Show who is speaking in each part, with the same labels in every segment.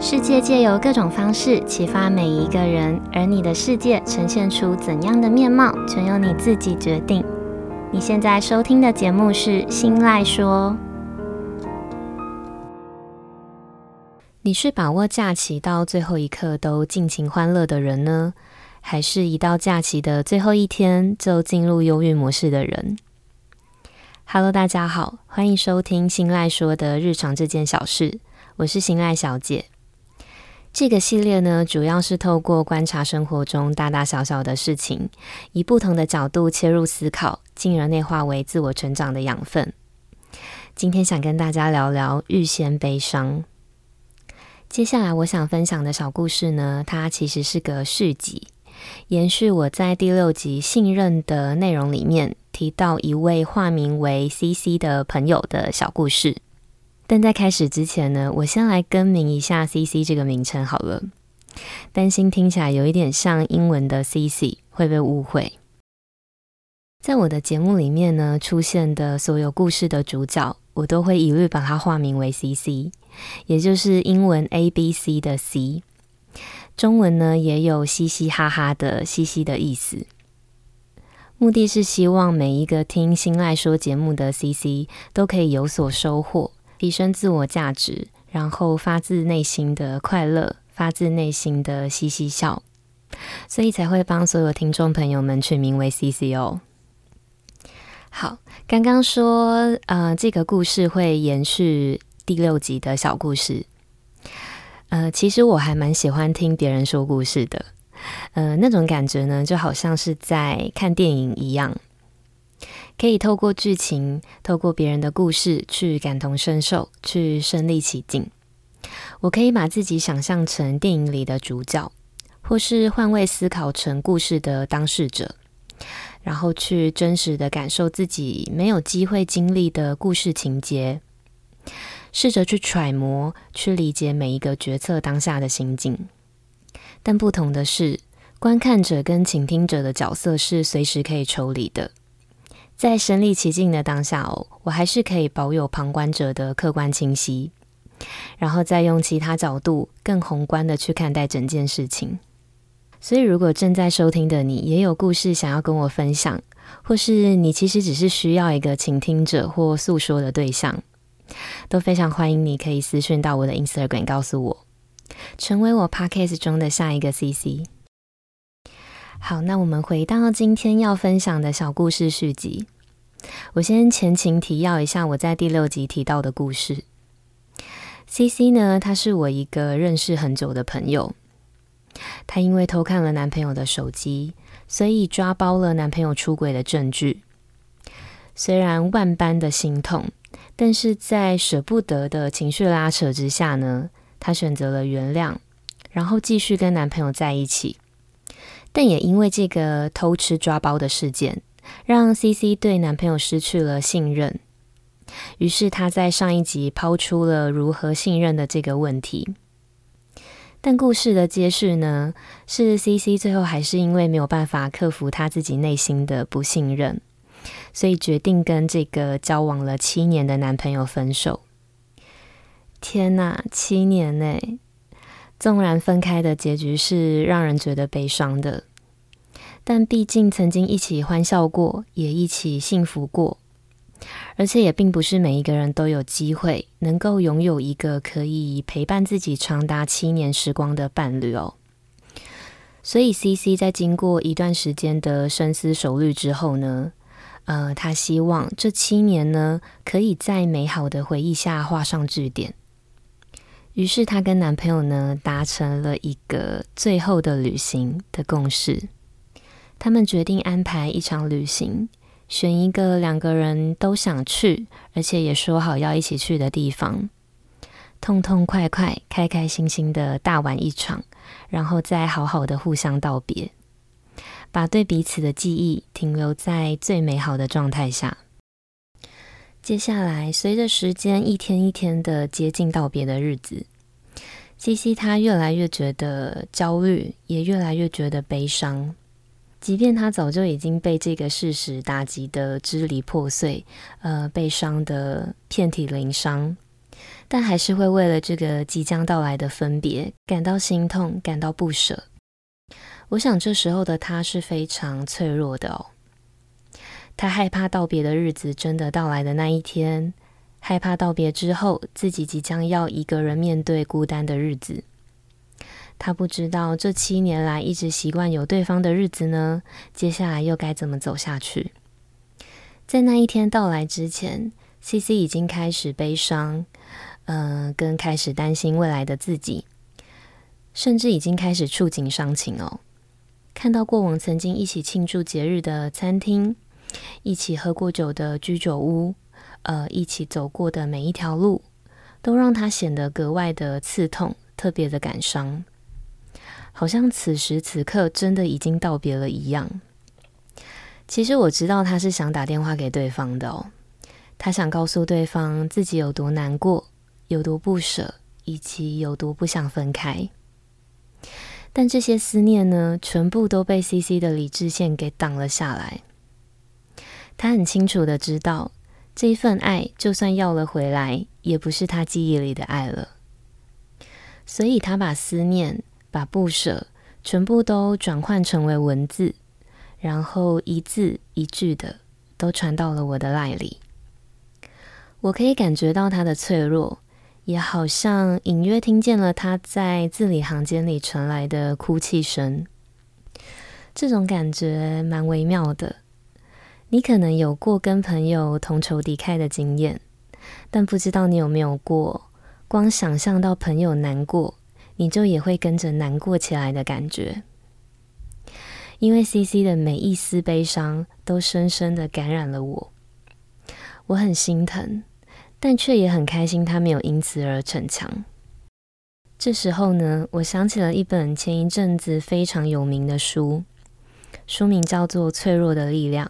Speaker 1: 世界借由各種方式啟發每一個人，而你的世界呈現出怎樣的面貌，全由你自己決定。你現在收聽的節目是《心賴說》。你是把握假期到最後一刻都盡情歡樂的人呢？還是一到假期的最後一天就進入憂鬱模式的人？Hello，大家好，歡迎收聽《心賴說》的日常這件小事，我是心賴小姐。這個系列呢，主要是透過觀察生活中大大小小的事情，以不同的角度切入思考，進而內化為自我成長的養分。今天想跟大家聊聊預先悲傷。接下來我想分享的小故事呢，它其實是個續集，延續我在第六集信任的內容裡面提到一位化名為 CC 的朋友的小故事。但在開始之前呢，我先來更名一下 “C C” 這個名稱好了，擔心聽起來有一點像英文的 “C C” 會被誤會。在我的節目裡面呢，出現的所有故事的主角，我都會一律把它化名為 “C C”，也就是英文 “A B C” 的 “C”。中文呢也有“嘻嘻哈哈”，的“嘻嘻”，的意思，目的是希望每一個聽心賴說節目的 “C C” 都可以有所收穫。提升自我價值，然後發自內心的快樂，發自內心的嘻嘻笑，所以才會幫所有聽眾朋友們取名為 CCO。好，剛剛說，呃，這個故事會延續第六集的小故事。呃，其實我還蠻喜歡聽別人說故事的，呃，那種感覺呢，就好像是在看電影一樣。可以透過劇情，透過別人的故事去感同身受，去身歷其境。我可以把自己想象成電影裡的主角，或是換位思考成故事的當事者，然後去真實的感受自己沒有機會經歷的故事情節，試着去揣摩、去理解每一個決策當下的心境。但不同的是，觀看者跟傾聽者的角色是隨時可以抽離的。在身臨其境的當下，哦，我還是可以保有旁觀者的客觀清晰，然後再用其他角度、更宏觀的去看待整件事情。所以，如果正在收聽的你也有故事想要跟我分享，或是你其實只是需要一個傾聽者或訴說的對象，都非常歡迎你可以私訊到我的 Instagram，告訴我，成為我 Podcast 中的下一個 CC。好，那我們回到今天要分享的小故事續集。我先前情提要一下，我在第六集提到的故事。CC 呢，她是我一個認識很久的朋友。她因為偷看了男朋友的手機，所以抓包了男朋友出軌的證據。雖然萬般的心痛，但是在捨不得的情緒拉扯之下呢，她選擇了原諒，然後繼續跟男朋友在一起。但也因為這個偷吃抓包的事件，讓 CC 對男朋友失去了信任。於是她在上一集拋出了如何信任的這個問題。但故事的揭示呢，是 CC 最後還是因為沒有辦法克服他自己內心的不信任，所以決定跟這個交往了七年的男朋友分手。天哪，七年內、欸。縱然分開的結局是讓人覺得悲傷的，但畢竟曾經一起歡笑過，也一起幸福過，而且也並不是每一個人都有機會能夠擁有一個可以陪伴自己長達七年時光的伴侶哦。所以，CC 在經過一段時間的深思熟慮之後呢，呃，他希望這七年呢，可以在美好的回憶下畫上句點。於是，她跟男朋友呢，達成了一個最後的旅行的共識。他們決定安排一場旅行，選一個兩個人都想去，而且也說好要一起去的地方，痛痛快快、開開心心的大玩一場，然後再好好的互相道別，把對彼此的記憶停留在最美好的狀態下。接下來，隨着時間一天一天的接近道別的日子，西西他越來越覺得焦慮，也越來越覺得悲傷。即便他早就已經被這個事實打擊得支離破碎，呃，悲傷得遍體鱗傷，但還是會為了這個即將到來的分別感到心痛，感到不舍。我想這時候的他是非常脆弱的哦。他害怕道別的日子真的到來的那一天，害怕道別之後自己即將要一個人面對孤單的日子。他不知道這七年來一直習慣有對方的日子呢，接下來又該怎麼走下去？在那一天到來之前，CC 已經開始悲傷，嗯、呃，跟開始擔心未來的自己，甚至已經開始觸景傷情哦。看到過往曾經一起慶祝節日的餐廳。一起喝過酒的居酒屋，呃，一起走過的每一條路，都讓他顯得格外的刺痛，特別的感傷。好像此時此刻真的已經道別了一樣。其實我知道他是想打電話給對方的哦，他想告訴對方自己有多難過，有多不舍，以及有多不想分開。但這些思念呢，全部都被 CC 的理智線給擋了下來。他很清楚的知道，這份愛就算要了回來，也不是他記憶裡的愛了。所以，他把思念、把不舍，全部都轉換成為文字，然後一字一句的都傳到了我的賴裡。我可以感覺到他的脆弱，也好像隱約聽見了他在字裡行間裡傳來的哭泣聲。這種感覺蠻微妙的。你可能有過跟朋友同仇敵愾的經驗，但不知道你有沒有過光想象到朋友難過，你就也會跟着難過起來的感覺。因為 CC 的每一絲悲傷都深深的感染了我，我很心疼，但卻也很開心他沒有因此而逞強。這時候呢，我想起了一本前一陣子非常有名的書，書名叫做《脆弱的力量》。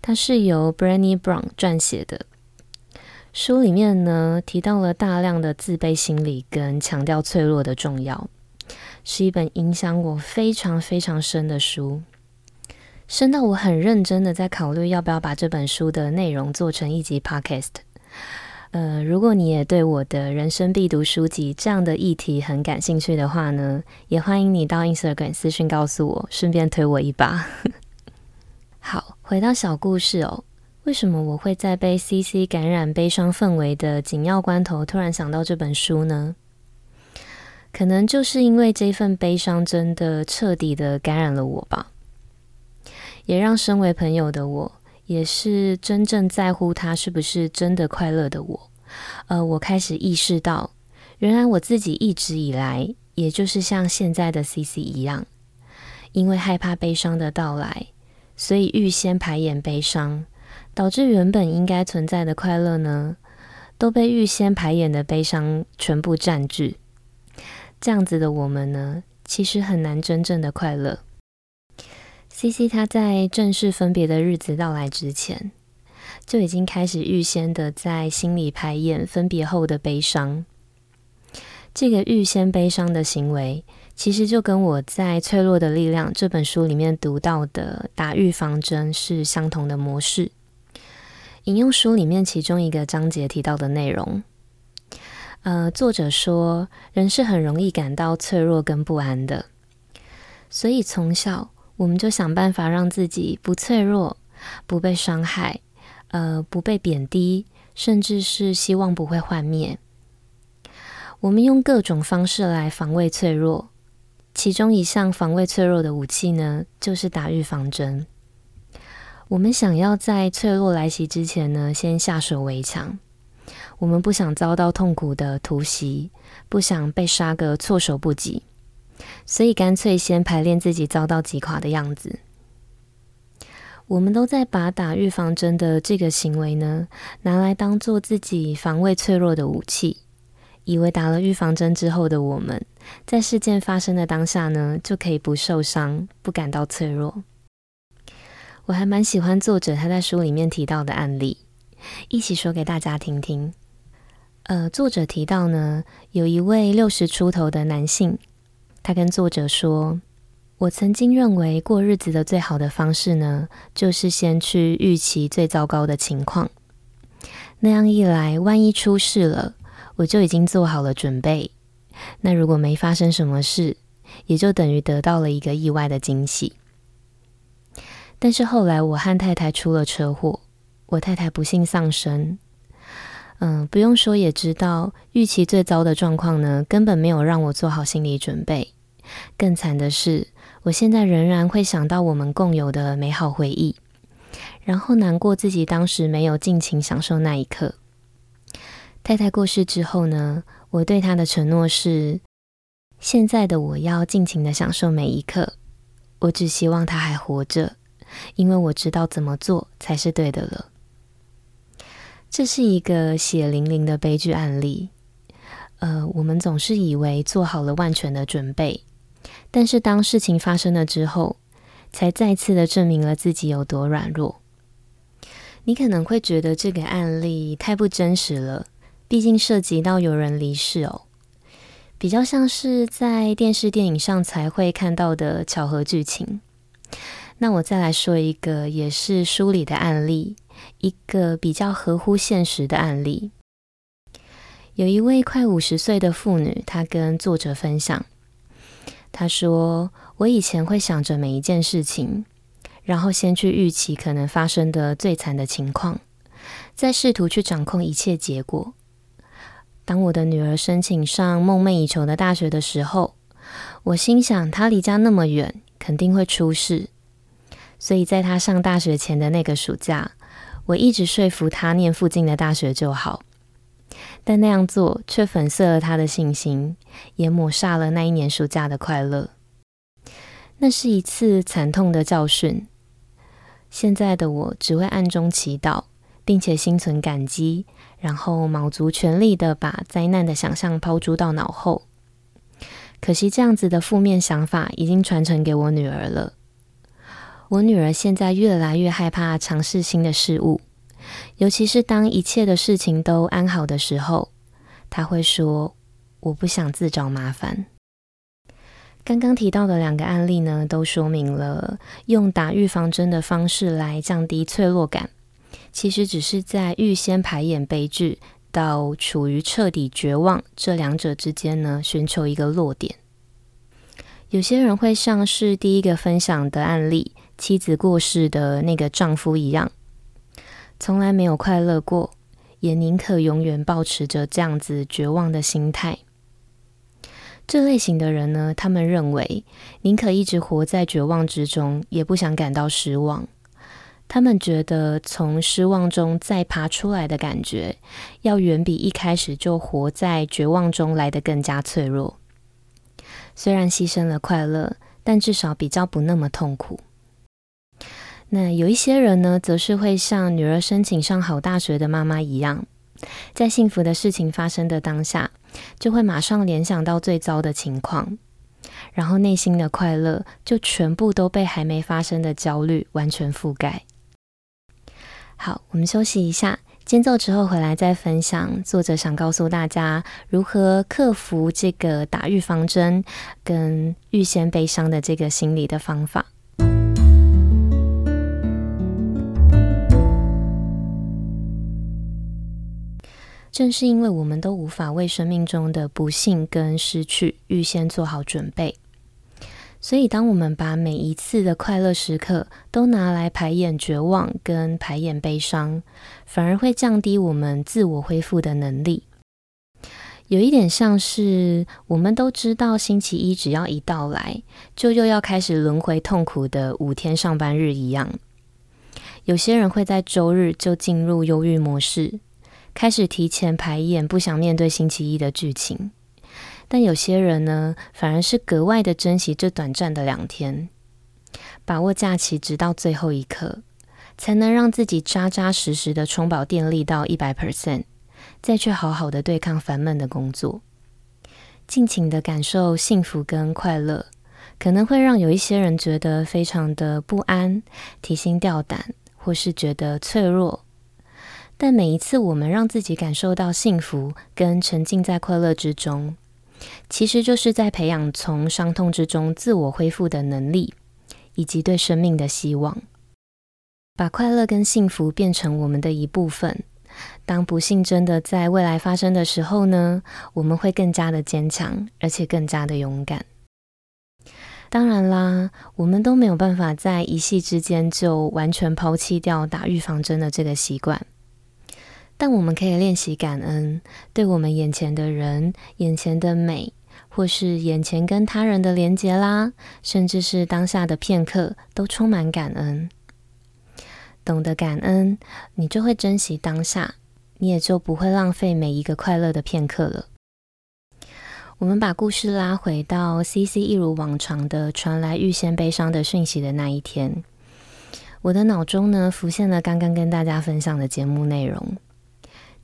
Speaker 1: 它是由 Brené Brown 撰寫的書，裡面呢提到了大量的自卑心理跟強調脆弱的重要，是一本影響我非常非常深的書，深到我很認真的在考慮要不要把這本書的內容做成一集 podcast。呃，如果你也對我的人生必讀書籍這樣的議題很感興趣的話呢，也歡迎你到 Instagram 私訊告訴我，順便推我一把。回到小故事哦，為什麼我會在被 CC 感染悲傷氛圍的緊要關頭，突然想到這本書呢？可能就是因為這份悲傷真的徹底的感染了我吧，也讓身為朋友的我，也是真正在乎他是不是真的快樂的我，呃，我開始意識到，原來我自己一直以來，也就是像現在的 CC 一樣，因為害怕悲傷的到來。所以預先排演悲傷，導致原本應該存在的快樂呢，都被預先排演的悲傷全部占據。這樣子的我們呢，其實很難真正的快樂。CC 他在正式分別的日子到來之前，就已經開始預先的在心裡排演分別後的悲傷。這個預先悲傷的行為。其實就跟我在《脆弱的力量》這本書裡面讀到的打預防針是相同的模式。引用書裡面其中一個章節提到的內容，呃，作者說，人是很容易感到脆弱跟不安的，所以從小我們就想辦法讓自己不脆弱、不被傷害、呃，不被貶低，甚至是希望不會幻滅。我們用各種方式來防衛脆弱。其中一項防衛脆弱的武器呢，就是打預防針。我們想要在脆弱來襲之前呢，先下手為強。我們不想遭到痛苦的突襲，不想被殺個措手不及，所以乾脆先排練自己遭到擊垮的樣子。我們都在把打預防針的這個行為呢，拿來當做自己防衛脆弱的武器。以為打了預防針之後的我們，在事件發生的當下呢，就可以不受傷、不感到脆弱。我還蠻喜歡作者他在書裡面提到的案例，一起說給大家聽聽。呃，作者提到呢，有一位六十出頭的男性，他跟作者說：“我曾經認為過日子的最好的方式呢，就是先去預期最糟糕的情況，那樣一來，萬一出事了。”我就已經做好了準備，那如果沒發生什麼事，也就等於得到了一個意外的驚喜。但是後來，我和太太出了車禍，我太太不幸喪生。嗯、呃，不用說也知道，預期最糟的狀況呢，根本沒有讓我做好心理準備。更慘的是，我現在仍然會想到我們共有的美好回憶，然後難過自己當時沒有盡情享受那一刻。太太過世之後呢，我對她的承諾是，現在的我要盡情的享受每一刻。我只希望她還活着，因為我知道怎麼做才是對的了。這是一個血淋淋的悲劇案例。呃，我們總是以為做好了萬全的準備，但是當事情發生了之後，才再次的證明了自己有多軟弱。你可能會覺得這個案例太不真實了。畢竟涉及到有人離世哦，比較像是在電視電影上才會看到的巧合劇情。那我再來說一個也是書裡的案例，一個比較合乎現實的案例。有一位快五十歲的婦女，她跟作者分享，她說：“我以前會想着每一件事情，然後先去預期可能發生的最慘的情況，再試圖去掌控一切結果。”當我的女兒申請上夢寐以求的大學的時候，我心想她離家那麼遠，肯定會出事。所以，在她上大學前的那個暑假，我一直說服她念附近的大學就好。但那樣做卻粉碎了她的信心，也抹殺了那一年暑假的快樂。那是一次慘痛的教訓。現在的我只會暗中祈禱。並且心存感激，然後卯足全力的把災難的想象拋諸到腦後。可惜，這樣子的負面想法已經傳承給我女兒了。我女兒現在越來越害怕嘗試新的事物，尤其是當一切的事情都安好的時候，她會說：“我不想自找麻煩。”剛剛提到的兩個案例呢，都說明了用打預防針的方式來降低脆弱感。其實只是在預先排演悲劇，到處於徹底絕望這兩者之間呢，尋求一個落點。有些人會像是第一個分享的案例，妻子過世的那個丈夫一樣，從來沒有快樂過，也寧可永遠保持着這樣子絕望的心態。這類型的人呢，他們認為寧可一直活在絕望之中，也不想感到失望。他們覺得，從失望中再爬出來的感覺，要遠比一開始就活在絕望中來得更加脆弱。雖然犧牲了快樂，但至少比較不那麼痛苦。那有一些人呢，則是會像女兒申請上好大學的媽媽一樣，在幸福的事情發生的當下，就會馬上聯想到最糟的情況，然後內心的快樂就全部都被還沒發生的焦慮完全覆蓋。好，我們休息一下，間奏之後回來再分享。作者想告訴大家如何克服這個打預防針跟預先悲傷的這個心理的方法。正是因為我們都無法為生命中的不幸跟失去預先做好準備。所以，當我們把每一次的快樂時刻都拿來排演絕望跟排演悲傷，反而會降低我們自我恢復的能力。有一點像是我們都知道，星期一只要一到來，就又要開始輪回痛苦的五天上班日一樣。有些人會在周日就進入憂鬱模式，開始提前排演不想面對星期一的劇情。但有些人呢，反而是格外的珍惜這短暫的兩天，把握假期直到最後一刻，才能讓自己扎扎實實的充飽電力到一百 percent，再去好好的對抗煩悶的工作，盡情的感受幸福跟快樂，可能會讓有一些人覺得非常的不安、提心吊膽，或是覺得脆弱。但每一次我們讓自己感受到幸福跟沉浸在快樂之中。其實就是在培養從傷痛之中自我恢復的能力，以及對生命的希望，把快樂跟幸福變成我們的一部分。當不幸真的在未來發生的時候呢，我們會更加的堅強，而且更加的勇敢。當然啦，我們都沒有辦法在一夕之間就完全拋棄掉打預防針的這個習慣。但我們可以練習感恩，對我們眼前的人、眼前的美，或是眼前跟他人的連結啦，甚至是當下的片刻，都充滿感恩。懂得感恩，你就會珍惜當下，你也就不會浪費每一個快樂的片刻了。我們把故事拉回到 CC 一如往常的傳來預先悲傷的訊息的那一天，我的腦中呢，浮現了剛剛跟大家分享的節目內容，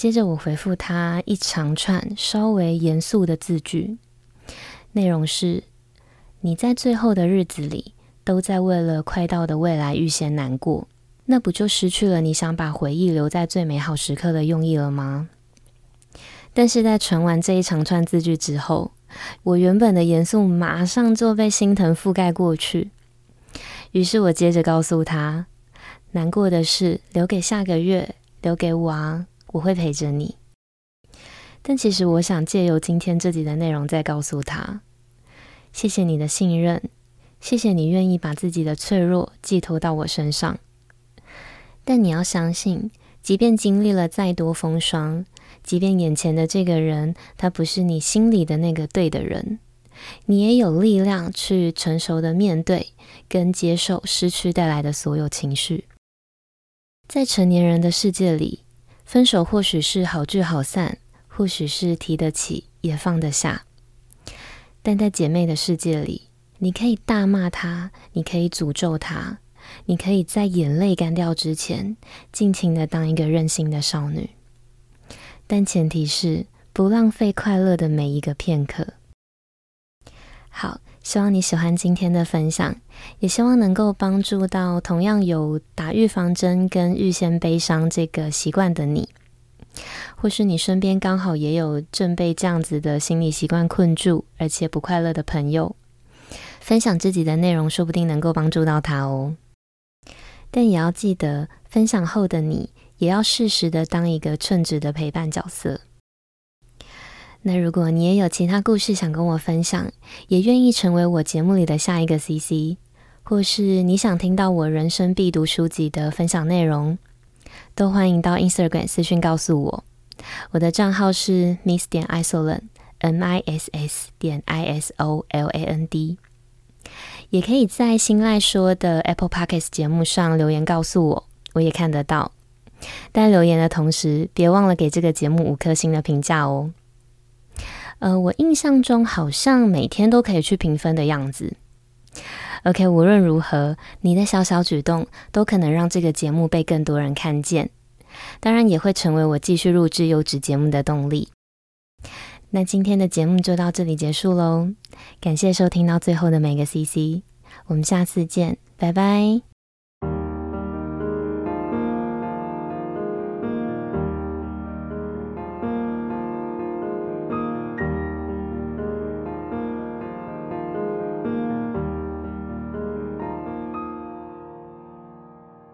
Speaker 1: 接着我回復他一長串稍微嚴肅的字句，內容是：你在最後的日子裡都在為了快到的未來預先難過，那不就失去了你想把回憶留在最美好時刻的用意了嗎？但是在傳完這一長串字句之後，我原本的嚴肅馬上就被心疼覆蓋過去。於是我接着告訴他：難過的事留給下個月，留給我啊。我會陪着你，但其實我想借由今天這集的內容，再告訴他：謝謝你的信任，謝謝你願意把自己的脆弱寄托到我身上。但你要相信，即便經歷了再多風霜，即便眼前的這個人他不是你心裡的那個對的人，你也有力量去成熟的面對跟接受失去帶來的所有情緒。在成年人的世界裡。分手或許是好聚好散，或許是提得起也放得下。但在姐妹的世界裡，你可以大罵她，你可以詛咒她，你可以在眼淚乾掉之前，盡情的當一個任性的少女。但前提是不浪費快樂的每一個片刻。好。希望你喜歡今天的分享，也希望能夠幫助到同樣有打預防針跟預先悲傷這個習慣的你，或是你身邊剛好也有正被這樣子的心理習慣困住而且不快樂的朋友，分享自己的內容說不定能夠幫助到他哦。但也要記得，分享後的你也要適時的當一個稱職的陪伴角色。那如果你也有其他故事想跟我分享，也願意成為我節目裡的下一個 C C，或是你想聽到我人生必讀書籍的分享內容，都歡迎到 Instagram 私訊告訴我。我的賬號是 miss 點 isoland，m i s s 點 i s o l a n d，也可以在心賴說的 Apple Podcast 節目上留言告訴我，我也看得到。但留言的同時，別忘了給這個節目五顆星的評價哦。呃，我印象中好像每天都可以去評分的樣子。OK，無論如何，你的小小舉動都可能讓這個節目被更多人看見，當然也會成為我繼續錄製優質節目的動力。那今天的節目就到這裡結束嘍，感謝收聽到最後的每個 CC，我們下次見，拜拜。